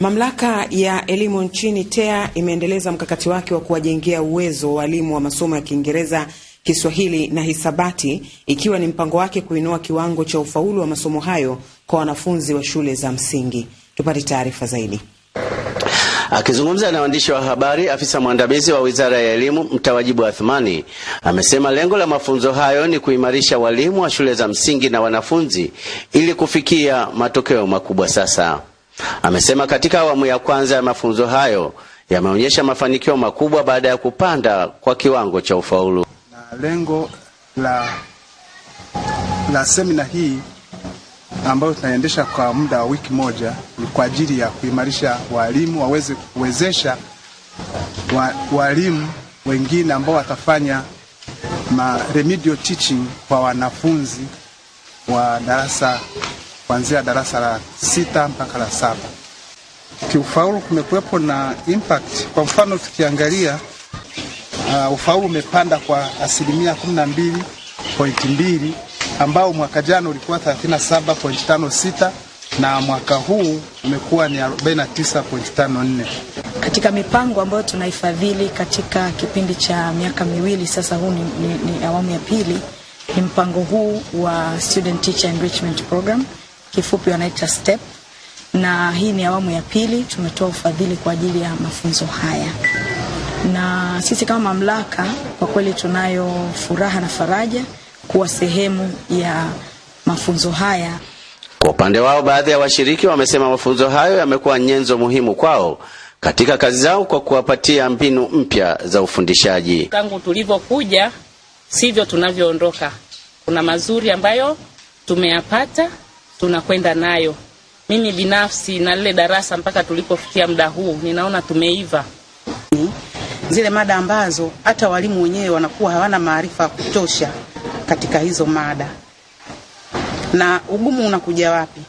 Mamlaka ya elimu nchini TEA imeendeleza mkakati wake wa kuwajengea uwezo walimu wa masomo ya Kiingereza, Kiswahili na hisabati ikiwa ni mpango wake kuinua kiwango cha ufaulu wa masomo hayo kwa wanafunzi wa shule za msingi. Tupate taarifa zaidi. Akizungumza na waandishi wa habari, afisa mwandamizi wa Wizara ya Elimu Mtawajibu Athmani amesema lengo la mafunzo hayo ni kuimarisha walimu wa shule za msingi na wanafunzi ili kufikia matokeo makubwa. Sasa Amesema katika awamu ya kwanza ya mafunzo hayo yameonyesha mafanikio makubwa baada ya kupanda kwa kiwango cha ufaulu. Na lengo la, la semina hii ambayo tunaendesha kwa muda wa wiki moja ni kwa ajili ya kuimarisha walimu waweze kuwezesha wa, walimu wengine ambao watafanya ma remedial teaching kwa wanafunzi wa darasa kuanzia darasa la sita mpaka la saba. Kiufaulu kumekuwepo na impact. Kwa mfano tukiangalia uh, ufaulu umepanda kwa asilimia mbili ambao mwaka jana ulikuwa 37.56 na mwaka huu umekuwa ni 49.54. Katika mipango ambayo tunaifadhili katika kipindi cha miaka miwili sasa, huu ni, ni, ni awamu ya pili, ni mpango huu wa Student Teacher Enrichment Program kifupi wanaita STEP, na hii ni awamu ya pili. Tumetoa ufadhili kwa ajili ya mafunzo haya, na sisi kama mamlaka kwa kweli tunayo furaha na faraja kuwa sehemu ya mafunzo haya. Kwa upande wao, baadhi ya washiriki wamesema mafunzo hayo yamekuwa nyenzo muhimu kwao katika kazi zao kwa kuwapatia mbinu mpya za ufundishaji. Tangu tulivyokuja sivyo tunavyoondoka. Kuna mazuri ambayo tumeyapata tunakwenda nayo. Mimi binafsi na lile darasa mpaka tulipofikia muda huu, ninaona tumeiva zile mada ambazo hata walimu wenyewe wanakuwa hawana maarifa ya kutosha katika hizo mada. Na ugumu unakuja wapi?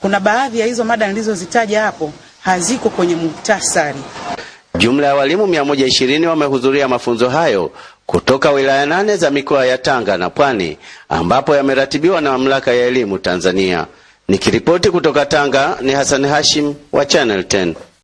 Kuna baadhi ya hizo mada nilizozitaja hapo haziko kwenye muhtasari. Jumla ya walimu 120 wamehudhuria mafunzo hayo kutoka wilaya nane za mikoa ya Tanga na Pwani ambapo yameratibiwa na Mamlaka ya Elimu Tanzania. Nikiripoti kutoka Tanga ni Hassan Hashim wa Channel 10.